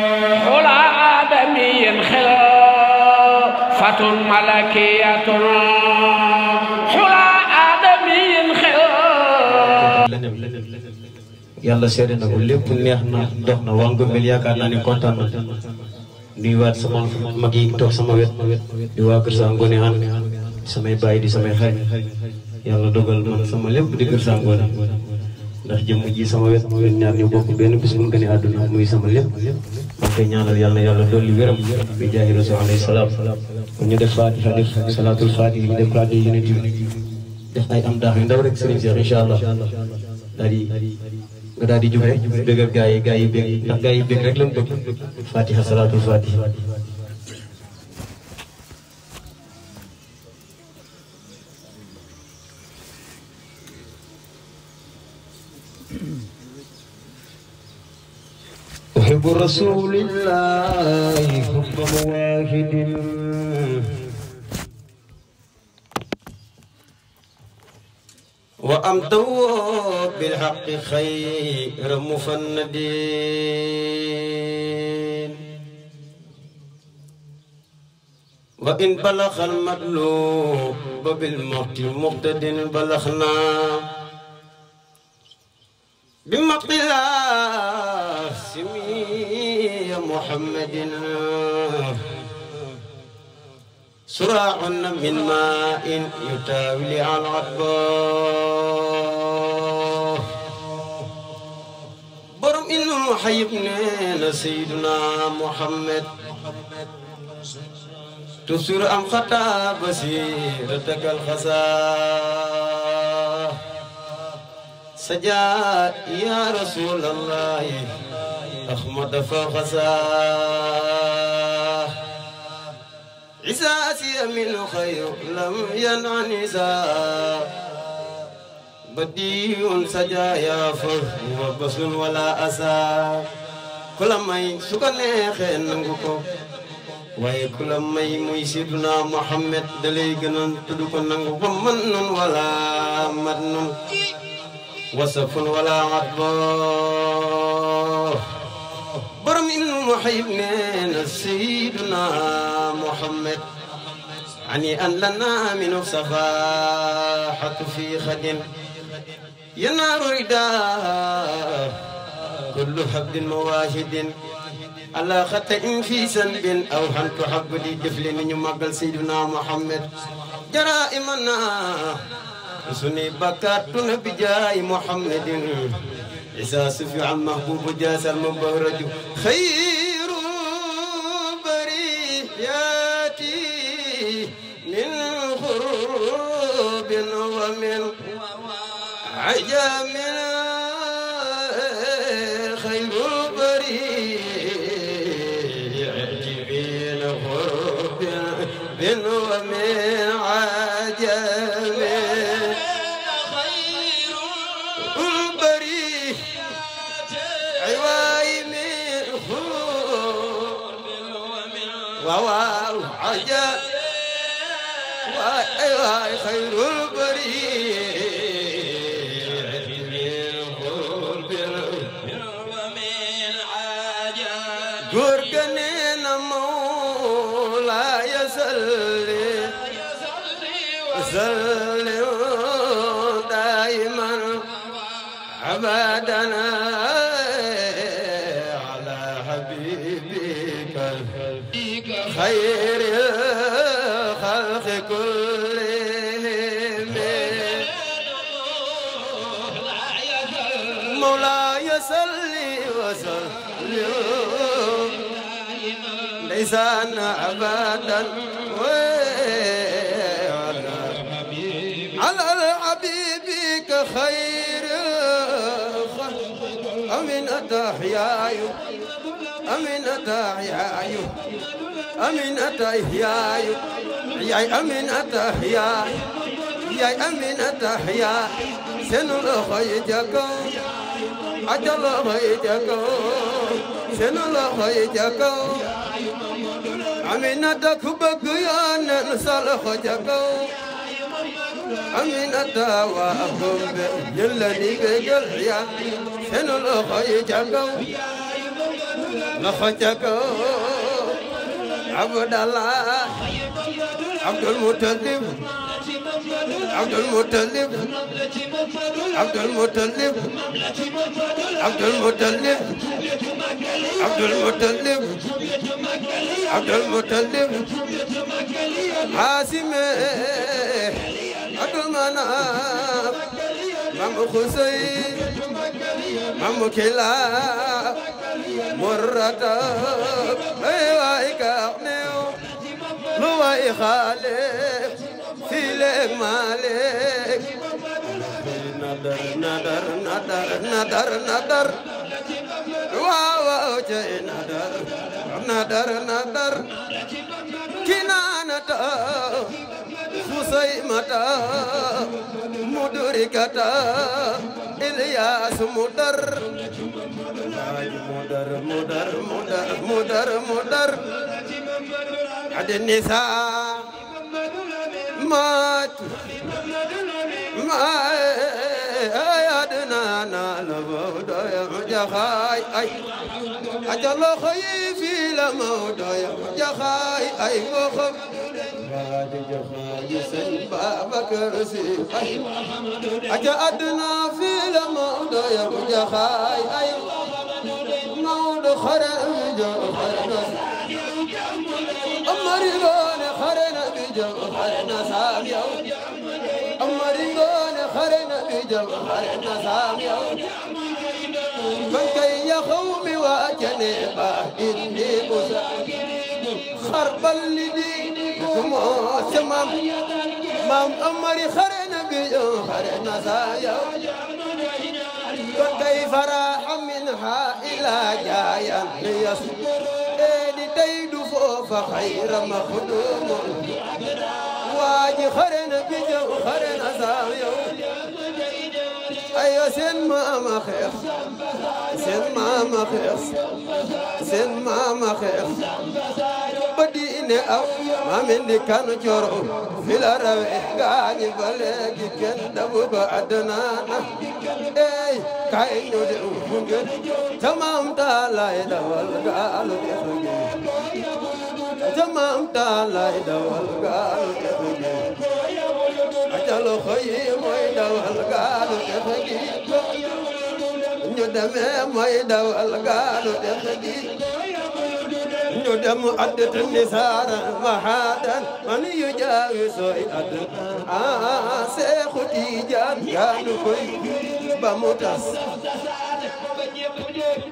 العالمين خلافة ملكية حلا آدمي خلافة yàlla seede na ko lépp neex na dox na waa Ngombeel yaakaar naa sama mag yi sama wet di waa Kër Saa Ngoone an samay bàyyi di samay hai. Yalla ya dogal man sama lépp di Kër Saa ndax ji sama wet sama wet ñaar ñu bokk benn bis bu mu muy sama maa ngi koy ñaanal yàlla na yàlla dolli wéram bi jaahi rasul alayhi salaam ñu def fatiha def salaatul fatiha def ko ay am daax yu ndaw rek sëriñ Cheikh incha allah daal di nga daal di jub rek bëggal gaa yi gaa yi bëgg ndax gaa yi bëgg rek lañ bëgg fatiha salaatul fatiha برسول الله حب واحد وأمتوا بالحق خير مفندين وإن بلغ المطلوب بالموت مقتد بلغنا محمد سراع من ماء يتاولي على العطب برم إنه حيبنا سيدنا محمد تسر أم خطا بسيرتك الخسا سجاء يا رسول الله أحمد فوق ساح عساسي من خير لم ينعني ساح بديع يا فر بخل ولا أسا كل ما سكنه خنغكو waye ku may muy muhammad dalay gënon tuddu ko nangu ko man nun wala man nun برم المحب من سيدنا محمد عني أن لنا من صفاحة في خد ينار رداء كل حب مواهد على خطأ في سنب أو هل تحب لي دفل يمقل سيدنا محمد جرائمنا سني نبي جاي محمد عسى سفي عم محبوب جاس المنبهرج خير برياتي من غروب ومن عجم وسلم وسلم دائما أبدا على حبيبك خير الخلق كلهم مولاي صلي وسلم ليس أبدا خير الخلق أمن الداعي أمن الداعي أمن الداعي يا أمن الداعي يا أمن الداعي سنو خيجكم أجل خيجكم سنو خيجكم أمن الداعي بقيان نسال خيجكم aminata wa abdombe ñun la liggéeyal ya seen loxo yi ca kaw loxo ca kaw abdallah abdul mutalib abdul mutalib abdul mutalib abdul mutalib abdul mutalib abdul mutalib haasime المنام مام حسين مام كلاب مرة أيواك أغنيو لواي خالق في لك مالك ندر ندر ندر ندر ندر واو جاي ندر ندر ندر كنانة خسيمة مدركة إلياس مدر مدر مدر مدر مدر مدر عد النساء مات ما يدنا نالبود يا جخاي أي أجل خيفي لمود يا جخاي أي بخم بعد جفاي سلبا حي سيخي أجأدنا في لمود يبو جخاي أيوة مود خرن جخرن أمريبان خرن بجخرن سامي أمريبان خرن بجخرن سامي من كي يخوم وأجنبه إني مساكين خرب اللي دينكم سمام مام أمري خر نبي خر نزايا كيف راح منها إلى جايا ليصدر إيدي تيد فوف خير مخدوم واجي خر نبي خر نزايا أيوة سن ماما خير سن ماما خير سن ماما خير badine aw mamindi kanu coro fila raw gaañi ba léegi kenn dabu ba adana na ey kay ñu de ufunge um tamam ta lay dawal gaalu efuge tamam ta lay dawal gaalu efuge ajalo xoy moy dawal gaalu efuge ñu deme moy دم عدت النسارا وحادا من يجاوز أدن آسيخ تيجان كانوا كي بمتس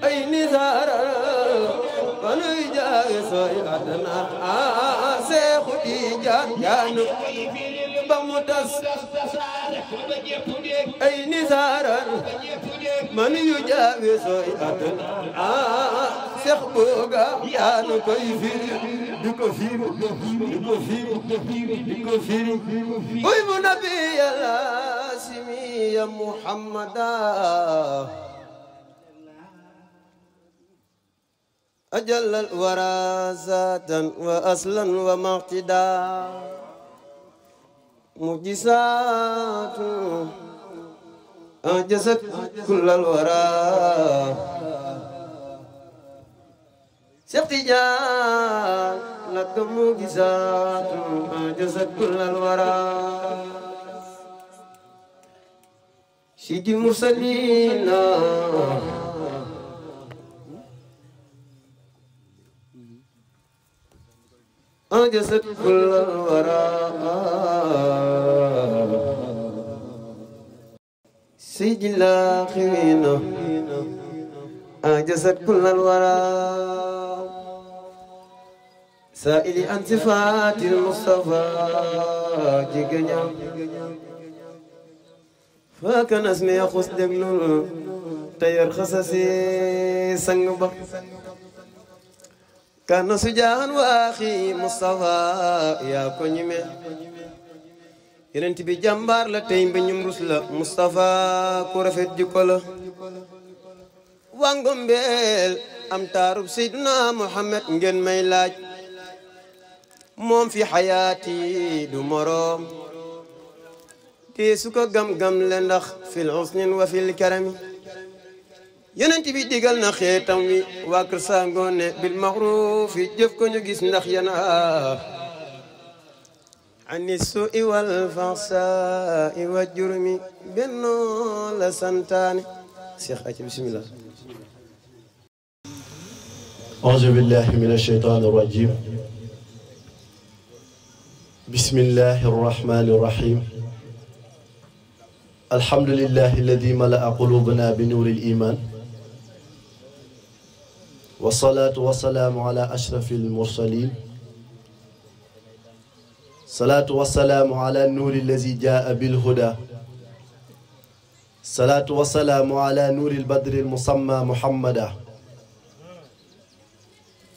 أي نزارا من يجاوز أدن آسيخ تيجان كانوا ba mu tas ay nisaaran man yu jaawe sooy atan aa ah, seex booga yaa nu koy firi di ko firi di ko firi di ko firi uy mu nabi yàlla simiya muhammada ajal al wara zaatan wa aslan wa maqtida معجزات أنجزت كل الورى شيخ تجان لك معجزات أنجزت كل الورى سيدي المرسلين أنجزت كل الوراء سيد الآخرين أنجزت كل الوراء سائل عن صفات المصطفى جيجنيا فكان اسمي خص دمنو تيار خصصي سنبا kana sujaan wa axi Mustafa yaa ko ñime yenent bi jàmbaar la tey mbeñum rus la Mustafa ku rafet jikko la wango am taarub Seydina Muhammad ngeen may laaj moom fi xayaati du moroom te su gam-gam le ndax fil husnin wa fil karami yonenti bi digal na xetam wi wa kër sangone bil mahruf jëf ko ñu gis عن السوء والفحشاء والجرم بنو لسنتان سيخ بسم الله أعوذ بالله من الشيطان الرجيم بسم الله الرحمن الرحيم الحمد لله الذي ملأ قلوبنا بنور الإيمان والصلاة والسلام على أشرف المرسلين صلاة والسلام على النور الذي جاء بالهدى صلاة والسلام على نور البدر المسمى محمدا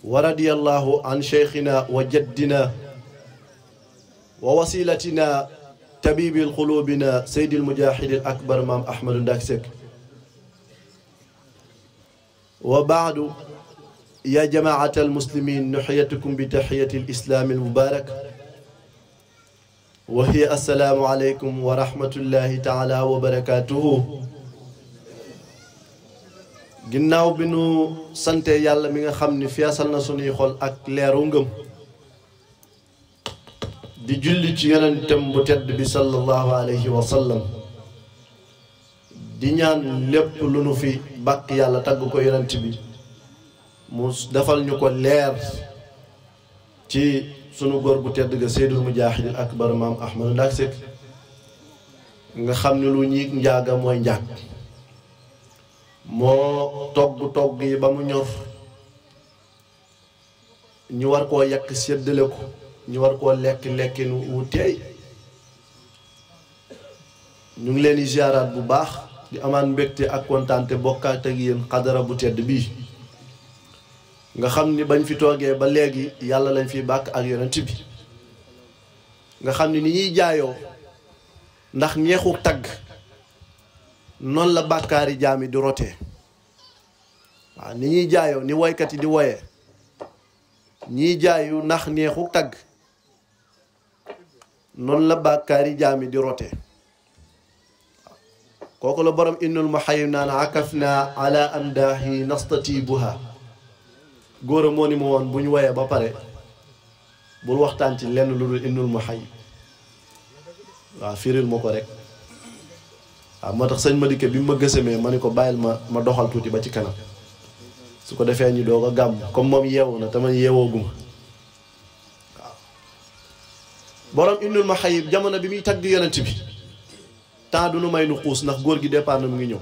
ورضي الله عن شيخنا وجدنا ووسيلتنا طبيب القلوبنا سيد المجاهد الأكبر مام أحمد داكسك وبعد يا جماعة المسلمين نحيتكم بتحية الإسلام المبارك وهي السلام عليكم ورحمة الله تعالى وبركاته جناو بنو سنتي يالا ميغا خامني فيا سالنا سوني خول اك ليرو نغم دي جولي سي يونتم بو بي صلى الله عليه وسلم دي نيان ليب في باك يالا تاغكو يونت بي mu dafal ñu ko leer ci sunu gor bu tedd ga seydul mujaahidil akbar mam ahmadu ndaak sek nga xam lu ñi njaaga moy njaag mo togg togg yi ba mu ñor ñu war ko yak seddel ko ñu war koo lek lekkin wu teey ñu ngi leen ziarat bu baax di amane mbekté ak contenté bokkaat ak yeen qadara bu tedd bi nga xamni bañ fi toge ba léegi yàlla lañ fi bak ak yonent bi nga xamni ni ni jaayo ndax ñeexu tag non la bakari jaam yi di rotee waaw ni ñuy jaayoo ni way kat di woyé ñi jaayu ndax neexu tag non la bakari jaam di roté kooku lo borom innul ma akafna ala amdaahi nastatibuha góor a moo ni ma woon bu ñu woyee ba pare bul waxtaan ci lenn lu dul indul ma xay waaw firil ma ko rek waaw moo tax sëñ ma dikke bi ma gësamee ma ni ko bàyyil ma ma doxal tuuti ba ci kanam su ko defee ñi doog a gàmm comme moom yeewu na te man yeewooguma waaw borom indul ma xayib jamono bi muy tagg yonent bi temps du nu may nu xuus ndax góor gi départ na mu ngi ñëw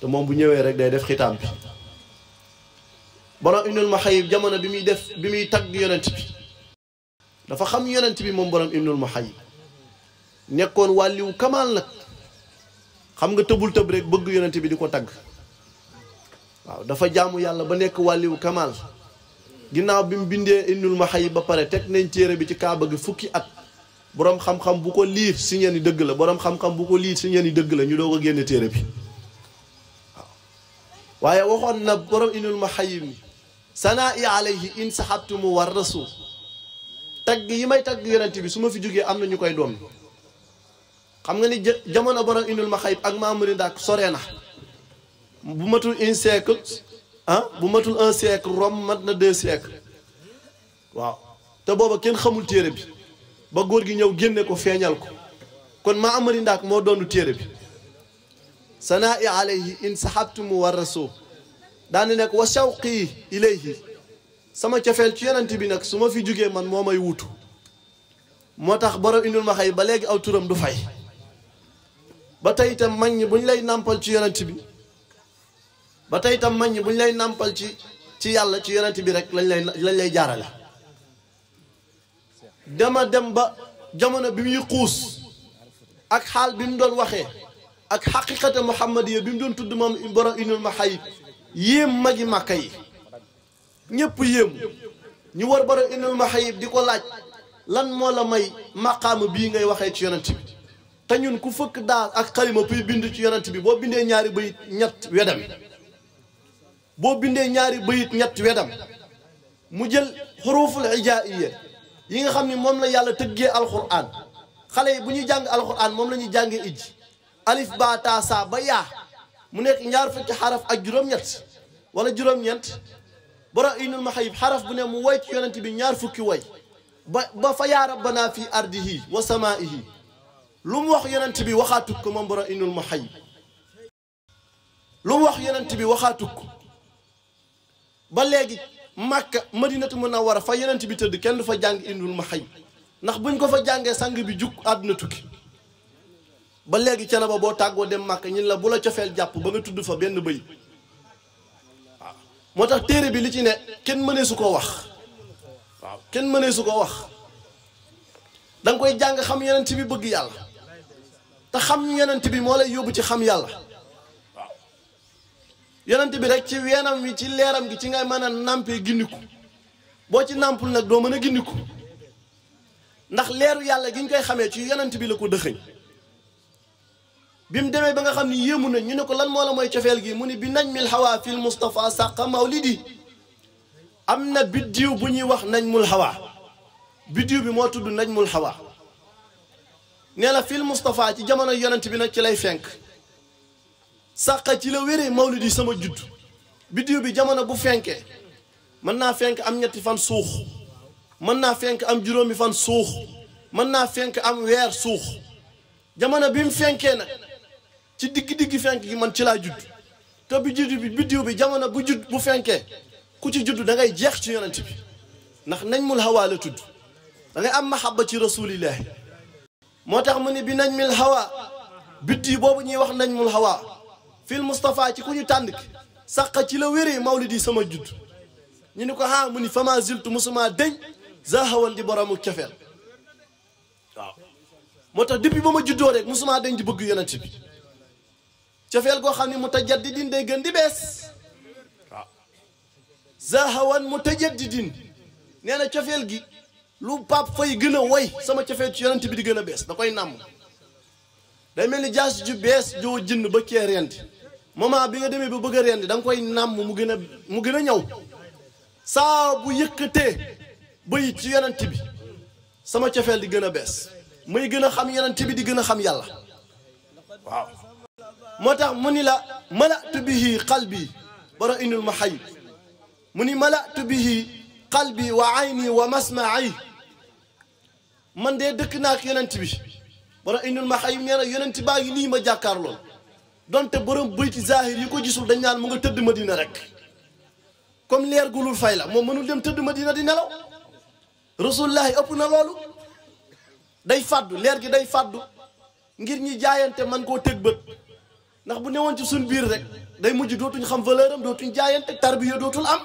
te moom bu ñëwee rek day def xitaan bi borom ibnul muhayib jamono bi muy def bi muy tagg yonent bi dafa xam yonent bi moom borom ibnul muhayib nekkoon wàlliwu kamaal nag xam nga tëbul tëb rek bëgg yonent bi di ko tagg waaw dafa jaamu yàlla ba nekk wàlliwu kamaal ginnaaw bi mu bindee ibnul muhayib ba pare teg nañ téere bi ci kaaba gi fukki at borom xam-xam bu ko liir si ngeen ni dëgg la borom xam-xam bu ko liir si ngeen ni dëgg la ñu doo ko génne téere bi waaw waaye na borom ibnul muhayib sanaa'i alayhi in mu war rasul tagg yi may tagg yonent bi su ma fi jógee am na ñu koy doom xam nga ni jamono borom indul ma xayib ak Mamouri Ndak sore na bu matul un siècle ah bu matul un siècle rom mat na deux siècles waaw te booba kenn xamul téere bi ba góor gi ñëw génne ko feeñal ko kon Mamouri Ndak moo doonu téere bi sanaa'i alayhi in mu war a rasul daane nekk wa shawqi ilayhi sama cofeel ci yonent bi nag su ma fi jugee man moo may wutu moo tax borom indul ma xay ba léegi aw turam du fay ba tey itam mag ñi buñ lay nàmpal ci yonent bi ba tey itam mag ñi buñ lay nàmpal ci ci yàlla ci yonent bi rek lañ lay lañ lay jaarale dama dem ba jamono bi muy xuus ak xaal bi mu doon waxee ak xaqiqata muhammadiya bi mu doon tudd moom borom indul ma xayib yéem magi màkka yi ñëpp yéemu ñu war bara indil ma xayib di ko laaj lan moo la may maqaama bii ngay waxee ci yonent bi te ñun ku fëkk daa ak xalima puy bind ci yonent bi boo bindee ñaari bayit ñett wedam boo bindee ñaari bayit ñett wedam mu jël xuruful ijaaiya yi nga xam ni moom la yàlla tëggee alquran xale yi bu ñuy jàng alquran moom lañuy ñuy jàngee ij alif ba ba yaa mu nekk ñaar fukki xaraf ak juróom-ñett wala juróom-ñeent bara inul maxayib xaraf bu ne mu woy ci yonent bi ñaar fukki woy ba fa yaa rabbana fi ardihi wa samaihi lu mu wax yonent bi waxaatuk ko moom bara inul maxayib lu mu wax yonent bi waxaatuk ko ba léegi màkka madinatu munawwara fa yonent bi tëdd kenn fa jàng inul maxayib ndax buñ ko fa jàngee sang bi jug àdduna tukki ba léegi cana ba boo tàggoo dem màkk ñin la bu la cofeel jàpp ba nga tudd fa benn bëy moo tax téere bi li ci ne kenn mënee su koo wax waaw kenn mënee su koo wax da koy jàng xam yenent bi bëgg yàlla te xam yenent bi moo lay yóbbu ci xam yàlla waaw bi rek ci weenam wi ci leeram gi ci nga mën a nàmpee gindiku boo ci nàmpul nag doo mën a gindiku ndax leeru yàlla gi ñu koy xamee ci yenent bi la ko dëxëñ bim deme ba nga xamni yemu na ñu ne ko lan mo la moy ciofel gi mu ni bi najmil hawa fil mustafa sàqa mawlidi amna bidiw bu ñi wax najmul hawa bidiw bi moo tudd najmul hawa neela fil mustafa ci jamono yonent bi nak ci lay fenk sàqa ci la wéré mawlidi sama judd bidiw bi jamono bu fenké man na fenk am ñetti fan suux man na fenk am juróomi fan suux man na fenk am wèr suux jamono bi mu fenkee ci digg-digg fenk gi man ci laa judd te bi judd bi biddiw bi jamono bu judd bu fenkee ku ci judd da ngay jeex ci yonent bi ndax nañ mul hawaa la tudd da ngay am mahabba ci rasulillahi moo tax mu ne bi nañ mil hawaa biddiw boobu ñuy wax nañ mul hawaa fil Moustapha ci ku ñu tànn ki saqa ci la wéree mawlidi sama judd ñu ni ko ah mu ni fama ziltu musuma deñ zahawal di boroomu cofeel waaw moo tax depuis ba ma juddoo rek musuma deñ di bëgg yonent bi cofeel goo xam ne mutajaddidin day gën di bees waaw zahawan mutajaddidin nee na cofeel gi lu Pape Faye gën a woy sama cofeel ci yonent bi di gën a bees da koy nàmm day mel ni jaas ju bees joo jënd ba kee rendi bi nga demee ba bëgg a rendi da nga koy nàmm mu gën a mu gën a ñëw saa bu yëkkatee bay ci yonent bi sama cofeel di gën a bees muy gën a xam yonent bi di gën a xam yàlla waaw moo tax mu ni la malatu bihi qalbi bara indul ma xay mu ni malatu bihi qalbi wa ayni wa masmaai man dee dëkk naak yonent bi bara indul ma xay nee na yonent baa ngi nii ma jàkkaar lool donte borom bëyti zahir yi ko gisul dañ naan mu nga tëdd madina rek comme leer lu fay la moo mënul dem tëdd madina di nelaw rasulullahi ëpp na loolu day fàddu leer gi day fàddu ngir ñi jaayante man koo tëg bët ndax bu newon ci suñ bir rek day mujj dootuñ xam valeuram dootuñ jaayante tarbiya dootul am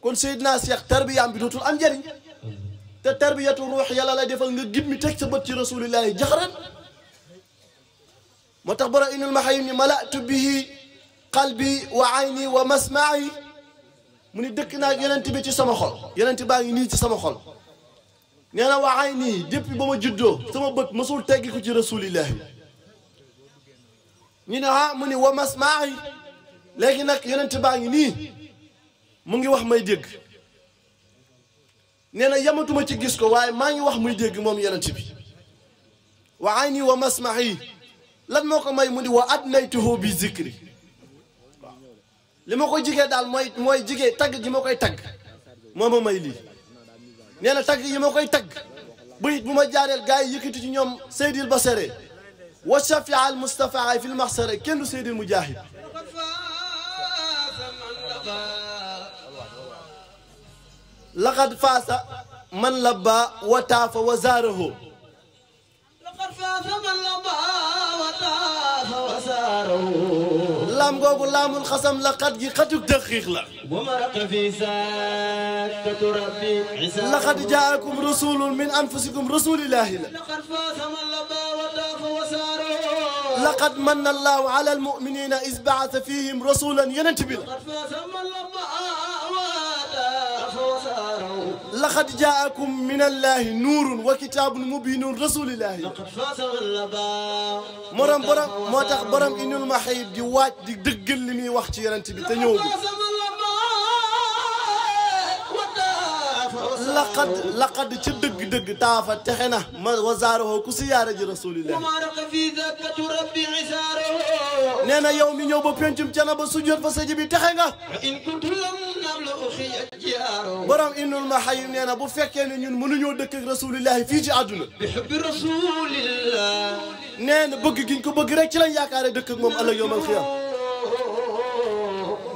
kon sayyidna sheikh tarbiya am bi dootul am njëriñ te tarbiyatu ruux yàlla lay defal nga gimmi tek sa bot ci rasulillahi jaxran moo tax bara inul maxayim malatu bihi qalbi wa ayni wa masma'i muni dëkk na yonent bi ci sama xol yonent ba ngi ni ci sama xol nee wa ayni depuis bama juddo sama bët masul teggi ko ci rasulillahi ñu ne ah mu ni wa mas maa yi léegi nag yonent baa ngi nii mu ngi wax may dégg nee na yamatuma ci gis ko waaye maa ngi wax muy dégg moom yonent bi wa ayni wa mas maa yi lan moo ko may mu ni wa adnaytuhu bi zikri waaw li ma ko jigee daal mooy mooy jigee tagg gi ma koy tagg moo ma may lii nee na tagg yi ma koy tagg bu bu ma jaareel gars yi yëkkati ci ñoom ba Basere والشفيع المصطفى في المحصر كن سيد المجاهد لقد فاز من لبى وتاف وزاره لقد فاز من لبى وتاف وزاره لام غوغ لام الخصم لقد xat دقيق لا ومرق في سكة ربي لقد جاءكم رسول من أنفسكم رسول الله لقد فاز من لبى لقد من الله على المؤمنين إذ بعث فيهم رسولا ينتبه لقد جاءكم من الله نور وكتاب مبين رسول الله لقد فاز مرام برام موتاخ برام انو المحيب دي واج دي دقل لمي وقت wax ci لقد لقد تدق دق تافا تحنا ما وزاره كسي يا رسول الله وما رق في ذاك تربي عزاره نانا يوم يوم بينجم تانا بسجود فسجي بي تحنا ان كنت لم نبل اخي اجياره برام ان المحي نانا بفك ان ين منو يو دك رسول الله في جي ادنا بحب رسول الله نانا بك جينكو بك رك لا ياكار دك موم الله يوم الخيام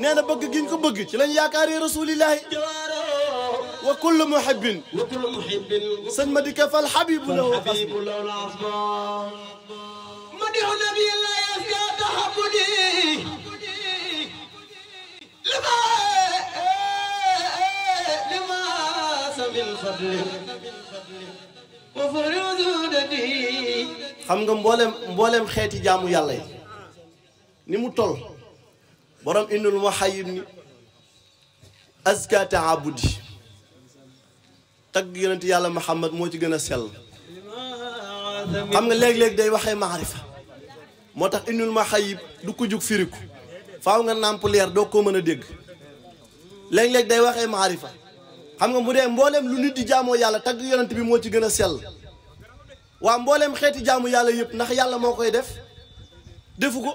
نانا بك جينكو بك لا ياكار رسول الله وكل محب وكل محب سن مدك فالحبيب له حبيب له الأصبار مدح نبي الله يزداد حبني لما لما من الفضل وفرد ندي xam nga mboolem mboolem xeeti jaamu yàlla yi ni mu toll borom indul ma azka taabudi tagg yonent yàlla Muhammad moo ci gën a sell xam nga léeg-léeg day waxee maarifa moo tax indil ma xayib du ko jug firiku faaw nga nàmp leer doo ko mën a dégg léeg-léeg day waxee maarifa xam nga mu dee mbooleem lu nit di jaamoo yàlla tagg yonent bi moo ci gën a sell waa mbooleem xeeti jaamu yàlla yëpp ndax yàlla moo koy def defu ko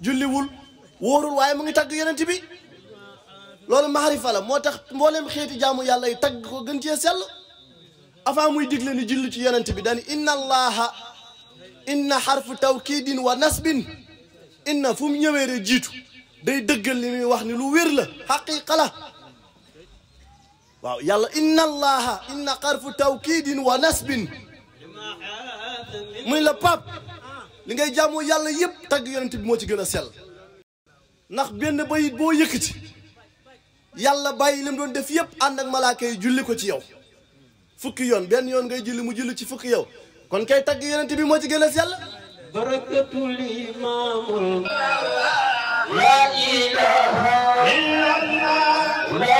julliwul wóorul waaye mu ngi tagg yonent bi loolu maarifa la moo tax mboolem xeeti jaamu yàlla yi tagg ko gën cee sell avant muy digle ni julli ci yonent bi dani inna allaha inna xarfu tawkidin wa nasbin inna fu mu ñëwee rek jiitu day dëggal li muy wax ni lu wér la xaqiqa la waaw yàlla inna allaha inna xarfu tawkidin wa nasbin muy la pap li ngay jaamu yàlla yëpp tagg yonent bi moo ci gën a sell ndax benn bayit boo yëkkati yàlla bàyyi leen doon def yëpp ànd ak malaaka yi julli ko ci yow fukki yoon benn yoon ngay julli mu julli ci fukki yow kon kay tagg yonent bi moo ci gën a sell barakatul imaamul la ilaha illallah la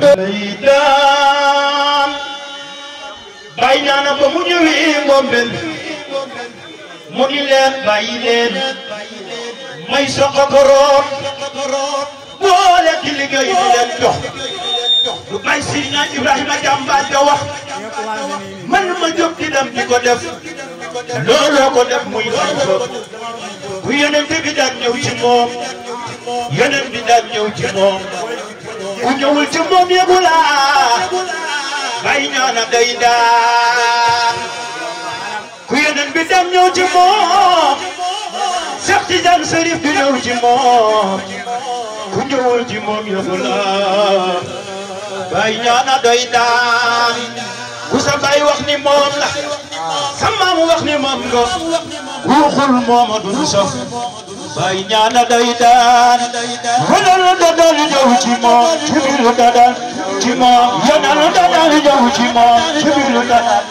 leytaan bay ñaana ba mu ñëwee mu ni leen bàyyi may soqa ko root boole ci liggéey bi leen jox lu may Seydina Ibrahima jàmbaar ja wax man ma jóg di dem di ko def looloo ko def muy xalifa bu yonent bi daan ñëw ci moom yonent bi daan ñëw ci moom ku ñëwul ci moom yëgu la bay ñaan ak ku yeneen bi dem ñëw ci moom Seex Tijaan Sërif du ñëw ci moom ku ñëwul ci moom yëgu la bay ñaan ak ku sa bay wax ni moom la sa wax ni moom nga ruuxul mooma du saf bay ñaana day daan xolal da dal ñëw ci moom ci biir da daan ci moom yanal da dal ñëw ci moom ci biir da daan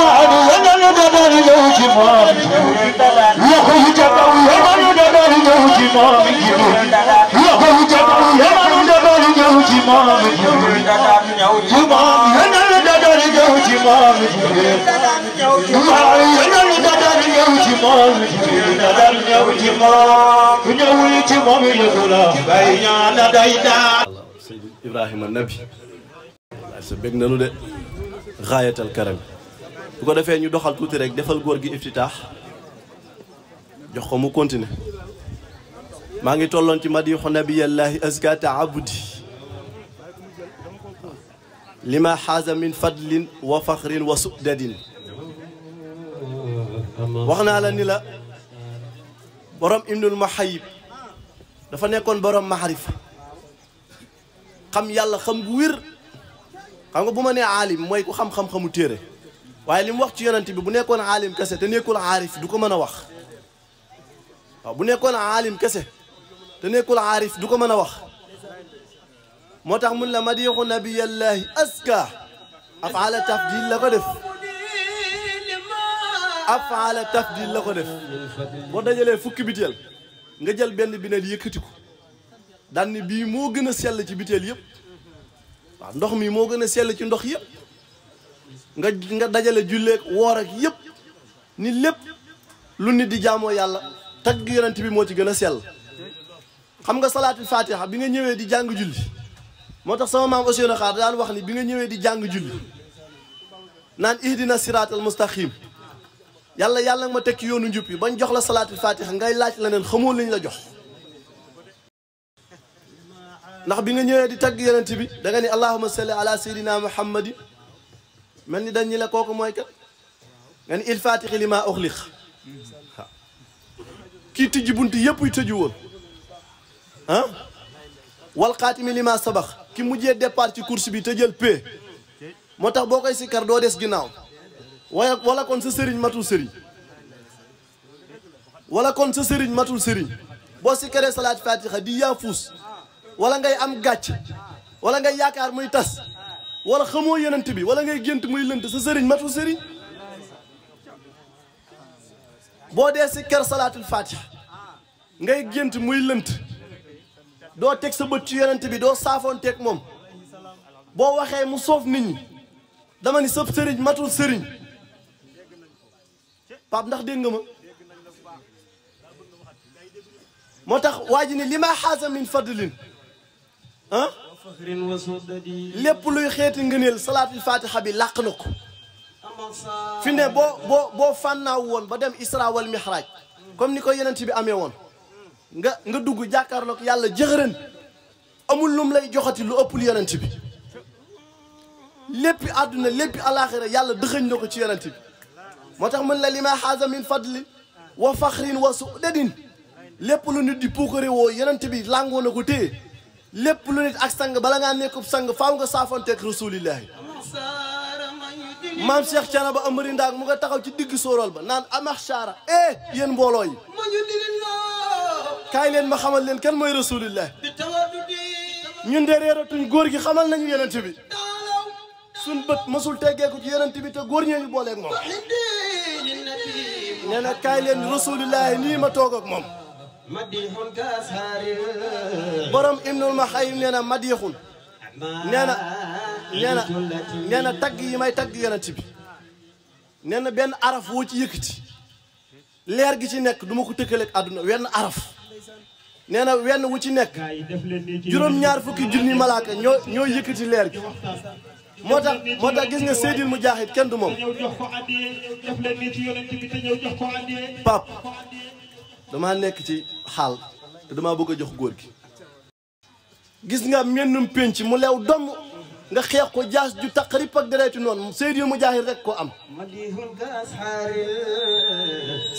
waadu yanal da dal ñëw ci moom loxo yi ca kaw yanal da dal ñëw ci moom loxo yi ca kaw yanal da dal ñëw ci moom ci moom yanal da dal ñëw ci moom waadu yanal طرز من دنيا وجما كنوي تمام الخلا بينا لدينا سيد إبراهيم النبي sa bég nanu de xaayatal karam bu ko defee ñu doxal tuuti rek defal góor gi iftitaax jox ko mu continuer maa ngi tolloon ci madixu nabiyallahi azka taabudi lima xaaza min fadlin wa faxrin wa sudadin wax naa la ni la borom ibnul maxayib dafa nekkoon borom maxarifa xam yàlla xam gu wér xam nga bu ma nee aalim mooy ku xam-xam-xamu téere waaye li mu wax ci yonent bi bu nekkoon aalim kese te nekkul aarif du ko mën a wax waaw bu nekkoon aalim kese te nekkul aarif du ko mën a wax moo tax mun la madixu nabiyallahi aska afaala tafdil la ko def افعال تفضيل لا كو ديف بو داجالي فوكي بيتيل غا جيل بن بينال ييكتي كو داني بي مو غنا سيل سي بيتيل ييب وا ندوخ مي مو غنا سيل سي ندوخ ييب غا غا داجالي جوليك وورك ييب ني ليب لو نيت دي جامو يالا تاغ يونتي بي مو تي غنا سيل خمغا صلاه الفاتحه بيغا نيوي دي جانغ جولي موتاخ سما مام اوسيو نخار دان واخني بيغا نيوي دي جانغ جولي نان اهدنا الصراط المستقيم يلا يلا ما تك يونو نجوبي بان جوخ لا صلاه الفاتحه غاي لاج لنن خمول لي لا جوخ ناخ بيغا نيوي دي تاغ يونتي بي داغاني اللهم صل على سيدنا محمد ملني داني لا كوكو موي كات غاني الفاتحه لما اخلق كي تيجي بونتي ييب يتيجي وون ها والقاتم لما سبق كي موجي ديبارتي كورس بي تجيل بي موتاخ بوكاي سيكار دو ديس غيناو waaye wala kon sa sëriñ matul sëriñ wala kon sa sëriñ matul sëriñ boo si keree salaat fatiha di yaafuus wala ngay am gàcc wala ngay yaakaar muy tas wala xamoo yenant bi wala ngay gént muy lënt sa sëriñ matul sëriñ boo dee si ker salaatul fatiha ngay gént muy lënt doo teg sa bët ci yonent bi doo saafoonteeg moom boo waxee mu soof nit ñi dama ni sëb sëriñ matul sëriñ باب ناخ دنگ ما موتاخ واجي لما حاز من فضل ها فخر وسدد لب لوي صلاه الفاتحه بي لاق في ني بو بو بو فناو وون بدم اسراء والمحراج كوم نيكو يننتي بي امي وون nga nga dugg jakarlok yalla jeugren amul lum lay joxati lu uppul yonent bi lepp aduna lepp alakhirah yalla moo tax mën la lima xaasa min fadlin wa faxrin wa sudadin lépp lu nit di puukare woo yonent bi làngoo na ko téye lépp lu nit ak sang bala ngaa nekk sang faaw nga saafanteeg rasulillahi maam Cheikh Thiana ba amari ndaag mu nga taxaw ci digg sóoral ba naan amax saara eh yéen mbooloo yi kaay leen ma xamal leen kan mooy rasulillah ñun de réeratuñ góor gi xamal nañu yonent bi suñ bët masul teggeeku ci yonent bi te góor ñooñu booleeg moom nee na kaay leen rasulillahi nii ma toog ak moom borom ibnul maxayim nee na madixun nee na nee na nee na tagg yi may tagg yonent bi nee na benn araf woo ci yëkkati leer gi ci nekk duma ma ko tëkkaleeg àdduna wenn araf nee na wenn wu ci nekk juróom-ñaar fukki junni malaaka ñoo ñoo leer gi moo tax moo tax gis nga Seydil Mujahid kenn du moom. pap damaa nekk ci xaal te damaa bëgg a jox góor gi. gis nga mennum pénc mu lew domm nga xeex ko jaas ju taqrib ak noon noonu Seydil Mujahid rekk ko am.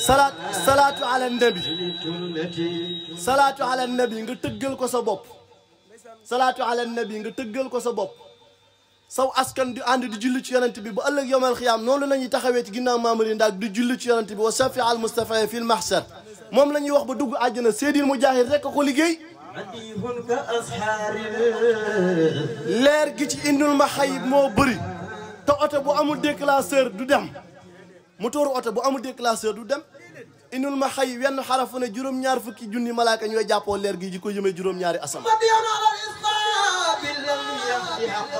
salaat salaatu ala nabi salaatu ala nabi nga tëggal ko sa bopp. salaatu ala nabi nga tëggal ko sa bopp. saw askan di ànd di julli ci yonent bi bu ëlëk yomal xiyam noonu lañu taxawé ci ginnaw maamari ndak du julli ci yonent bi wa safi al mustafa fi al mahsar mom lañu wax ba dugg aljana sedil mu jahir rek ko liggey leer gi ci indul mahayib mo moo ta auto bu amul déclasseur du dem motor auto bu amul déclasseur du dem inul mahayib xayib yenn xarafu ne juróom-ñaar fukki junni malaaka ñoy jappo leer gi ji ko yeme juroom juróom-ñaari asamaan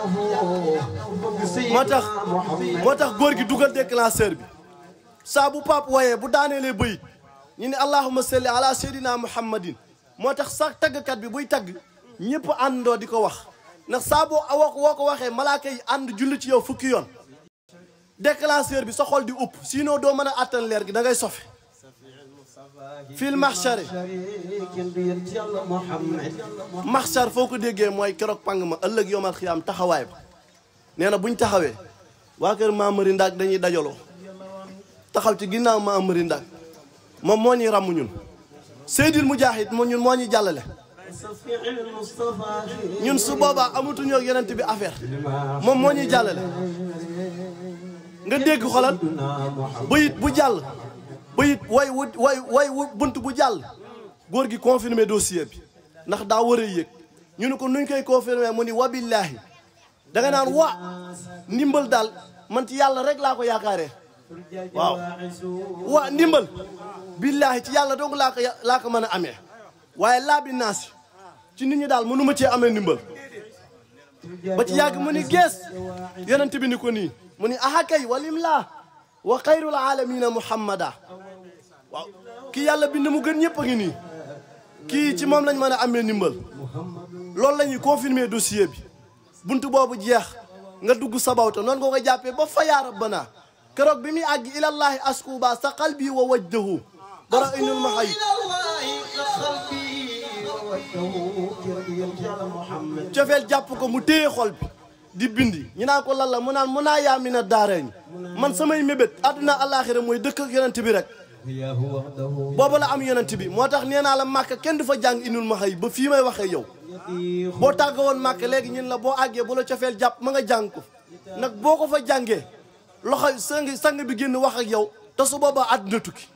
moo tax moo tax góor gi dugal déclencheur bi saabu bu pap bu daaneelee bëyit ñu ne allahuma salli ala seydina muhammadin moo tax sax taggkat bi buy tagg ñëpp àndoo di ko wax ndax saaboo boo woo woo ko waxee malaaka yi ànd julli ci yow fukki yoon déclencheur bi sa xol di upp sinon doo mën a àttan leer gi da ngay sofe fil maxshari maxshar foo ko déggee mooy keroog pang ma ëllëg yomal xiyaam taxawaay ba nee na buñ taxawee waa kër maamari ndaag dañuy dajaloo taxaw ci ginnaaw maamari ndaag moom moo ñuy ràmm ñun seydil mujaahid moo ñun moo ñuy jàllale ñun su boobaa amatuñoo ak yenent bi affaire moom moo ñuy jàllale nga dégg xolal bayit bu jàll bayit way wu way way wu bunt bu jàll góor gi confirmer dossier bi ndax daa war a yëg ñu ne ko nuñ koy confirmer mu ni wabillaahi da nga naan wa ndimbal daal man ci yàlla rek laa ko yaakaare waaw wa ndimbal billaahi ci yàlla dong laa ko laa ko mën a amee waaye laa bi naas ci nit ñu daal mënuma ci amee ndimbal ba ci yàgg mu ni gees yonent bi ni ko nii mu ni aha walim laa wa xayrul aalamiina muhammada waaw kii yàlla bind mu gën ñëpp a ngi nii kii ci moom lañ mën a amee ndimbal loolu la ñuy confirmer dossier bi bunt boobu jeex nga dugg sabawta noonu nga ko jàppee ba fa yaa rabbana keroog bi muy àgg ilallaahi askuba sa qalbi wa wajdahu bara inul maxay cofeel jàpp ko mu téye xol bi di bindi ñu naa ko lan la mu naan mun naa yaa mina daareñ man samay mébét àdduna àllaaxira mooy dëkk ak bi rek booba la am yonent bi moo tax nee naa la màkk kenn du fa jàng inul ma xëy ba fii may waxee yow boo tàgg woon màkk léegi ñun la boo àggee bu la cofeel jàpp ma nga jàng ko nag boo ko fa jàngee loxo sang sang bi génn wax ak yow te su boobaa àdduna tukki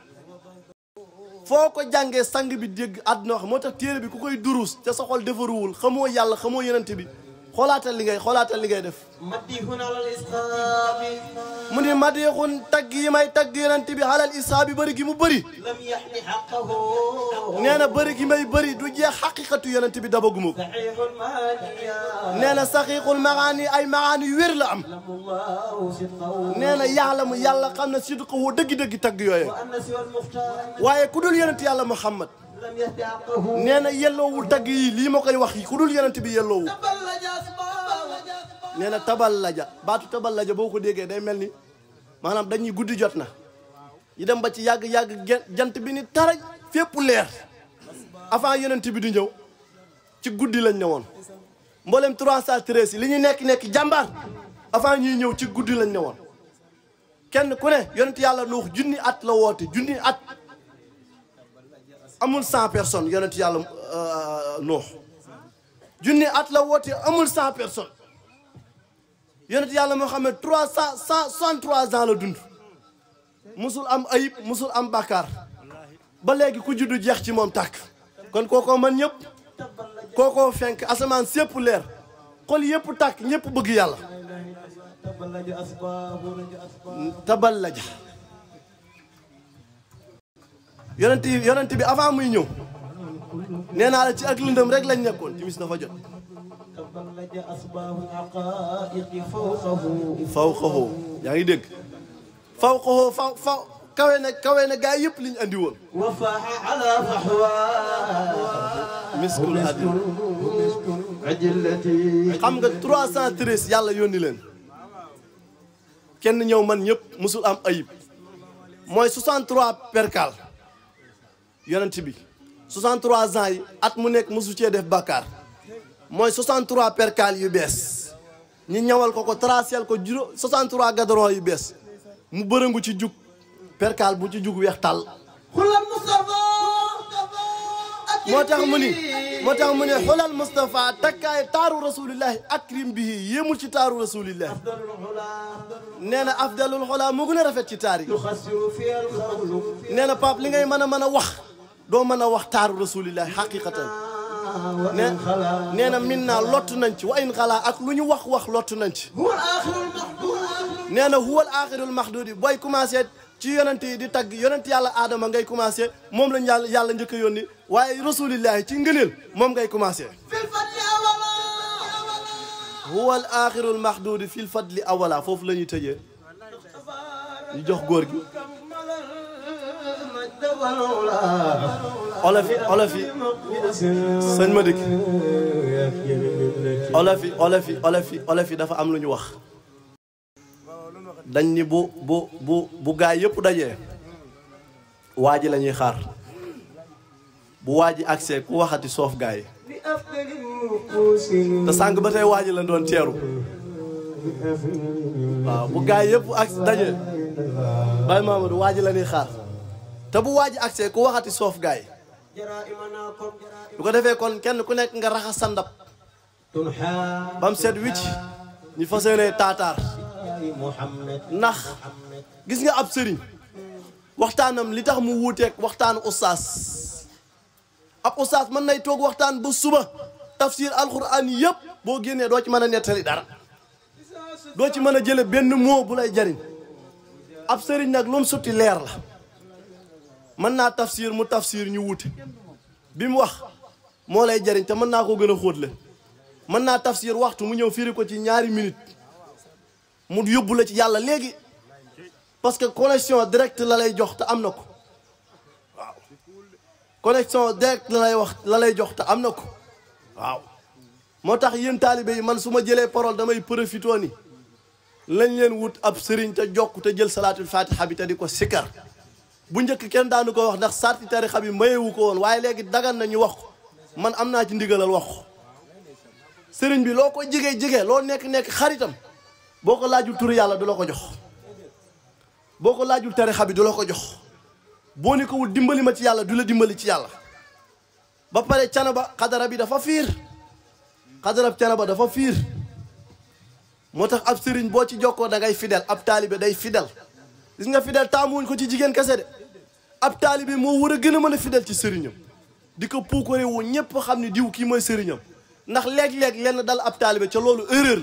foo ko jàngee sang bi dégg àdduna wax moo tax téere bi ku koy duruus te soxol xol defaruwul xamoo yàlla xamoo yonent bi xoolaatal li ngay xoolaatal li ngay def mu ni madixun tagg yi may tagg yonent bi xalal isaa bi bëri gi mu bëri nee na bëri gi may bëri du jeex xaqiqatu yonent bi dabaguma ko nee na saxiixul maxaani ay maxaani wér la am nee na yàlla mu yàlla xam na sidqahu dëgg-dëgg tagg yooyu waaye ku dul yonent yàlla muhammad nee na yelloowul tagg yi lii ma koy wax yi ku dul yonent bi yelloowul nee na tabal laja baatu tabal laja boo ko degee day mel ni maanaam dañuy guddi jot na yi dem ba ci yàgg-yàgg jant bi ni taraj fépp leer avant yonent bi du ñëw ci guddi lañ ne woon mboolem trois cent treize yi li ñu nekk nekk jàmbaar avant ñuy ñëw ci guddi lañ ne woon kenn ku ne yonent yàlla nuux junni at la woote junni at amul 100 personnes a yalla noox junni at la woti amul 100 personnes yonent yalla a xam ans la dund musul am ayib musul am a ba légui ku y jeex ci mom tak kon man ñep koko fenk a si leer xol a tak ñep bëgg yonent yonent bi avant muy ñëw nee naa la ci ak lëndëm rek lañ nekkoon timis dafa jot fawqahu yaa ngi dégg fawqahu faw faw kawe na kawe na gaa yëpp liñ andi woon miskul adil xam nga 313 yàlla yónni leen kenn ñëw man ñëpp musul am ayib mooy 63 yonent bi 63 ans yi at mu nekk mosu cee def bàkkaar mooy 63 percale yu bees ñu ñawal ko ko tracel ko juróom 63 gadron yu bees mu bërëngu ci jug percale bu ci jug weex tàll xulal Moustapha moo tax mu ni moo tax mu ne xulal Moustapha takkaay taaru rasulillahi akrim bihi yéemul ci taaru rasulillahi nee na afdalul xola moo gën a rafet ci taar yi nee na Pape li ngay mën a mën a wax دوما نوختار رسول الله حقيقة نينا منا لوت نانت وإن غلا أك لوني وخ وخ لوت نانت نينا هو الآخر المحدود بوي كوماسي تي يونتي دي تاغ يونتي يالا ادم غاي كوماسي موم لا يالا يالا نديك يوني واي رسول الله تي نغليل موم غاي كوماسي هو الاخر المحدود في الفضل اولا فوف لا ني تيجي ني جوخ غورغي Olafi Olafi sëñ ma dikk Olafi Olafi Olafi Olafi dafa am lu ñu wax dañ ni bu bu bu bu gaay yëpp dajee waa ji la ñuy xaar bu waa ji agsee ku waxati soof gaay te sànq ba tey waa la doon teeru waaw bu gaay yëpp ak daje Baye Mamadou waa ji la ñuy xaar te bu waaj accès ku waxati soof gaay jara ko defee kon kenn ku nekk nga raxas sa ndab bam set wich ni fas tatar muhammad ndax gis nga ab serigne waxtanam li tax mu ak waxtan oustaz ab oustaz man nay tok waxtan bu suba tafsir alquran yeb bo génnee do ci mëna netali dara do ci mëna jëlé jële benn moo bu lay jarign ab serigne nak lum mu lèr la mën naa tafsir mu tafsir ñu wuute bi mu wax moo lay jariñ te mën naa ko gën a xóotle mën naa tafsir waxtu mu ñëw firi ko ci ñaari minute mu yóbbu la ci yàlla léegi parce que connexion directe la lay jox te am na ko waaw connexion directe la lay wax la lay jox te am na ko waaw moo tax yéen taalibe yi man su ma jëlee parole damay profitoo ni lañ leen wut ab sëriñ te jokk te jël salaatul fatiha bi te di ko sikkar bu njëkk kenn daanu ko wax ndax sarti tarixa bi mayewu ko woon waaye léegi dagan nañu wax ko man am naa ci ndigalal wax sëriñ bi loo ko jigee jigee loo nekk-nekk xaritam boo ko laajul turu yàlla du la ko jox boo ko laajul tarixa bi du ko jox boo ni ko dimbali ma ci yàlla du la dimbali ci yàlla ba pare canaba xadara bi dafa fiir xadarab canaba dafa fiir moo tax ab sëriñ boo ci jokkoo da ngay fidèle ab taalibe day fidèle gis nga fidèle taamuwuñ ko ci jigéen kese de ab taalibe moo war a gën a mën a fidèle ci sëriñam di ko puukaree woon ñëpp xam ne diw kii mooy sëriñam ndax léeg-léeg lenn dal ab taalibe ca loolu erreur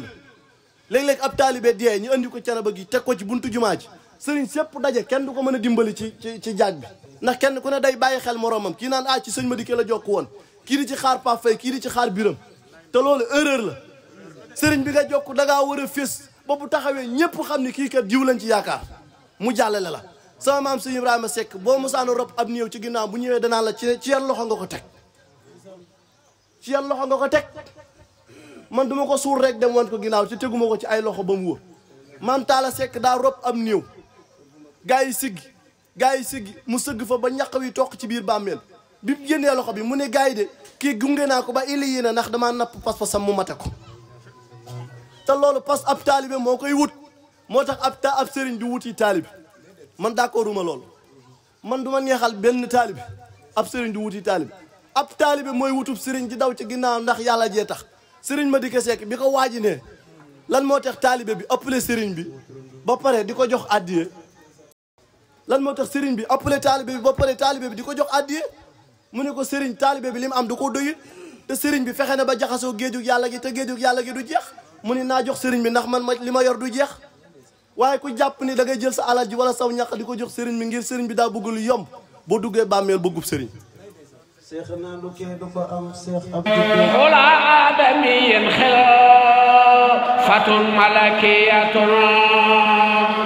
la léeg-léeg ab taalibe dee ñu andi ko canaba gi teg ko ci buntu jumaa ji sëriñ sépp daje kenn du ko mën a dimbali ci ci ci jaaj bi ndax kenn ku ne day bàyyi xel moroomam kii naan ah ci sëñ ma dikkee la jokk woon kii di ci xaar Pape kii di ci xaar Biram te loolu erreur la sëriñ bi nga jokk da ngaa war a fés ba bu taxawee ñëpp xam ne kii kat diw lañ ci yaakaar mu jàllale la sama maam suñu Ibrahima sekk boo musaanu rob ab néew ci ginnaaw bu ñëwee danaa la ci ci loxo nga ko teg ci yan loxo nga ko teg man duma ko suur rek dem wan ko ginnaaw ci teguma ko ci ay loxo ba mu wóor maam Talla Seck rob am néew gaa yi siggi gaa yi siggi mu sëgg fa ba ñaq wi toq ci biir bàmmeel bi mu génnee loxo bi mu ne gaa yi de kii gunge naa ko ba ili yi na ndax damaa napp pas-pasam mu mate ko te loolu pas ab taalibe moo koy wut moo tax ab ta ab sëriñ du wuti taalibi man d'accorduma lool man du ma neexal benn taalibi ab sëriñ du wuti taalibi ab taalibi mooy wutub sëriñ di daw ci ginnaaw ndax yàlla jee tax sëriñ ma di ko bi ko waaji ne lan moo tax taalibe bi appelé sëriñ bi ba pare di ko jox addiye lan moo tax sëriñ bi appelé taalibe ba pare taalibe bi di ko jox addiye mu ne ko sëriñ taalibe bi li mu am du ko doyut te sëriñ bi fexe ne ba jaxasoo géejug yàlla gi te géejug yàlla gi du jeex mu ne naa jox sëriñ bi ndax man ma li ma yor du jeex waaye ku jàpp ni da ngay jël sa alal ji wala saw ñaq di ko jox sëriñ bi ngir sëriñ bi daa bëgg lu yomb boo duggee bàmmeel bëggub sëriñ seex du fa am seex ab wala aadami yen xel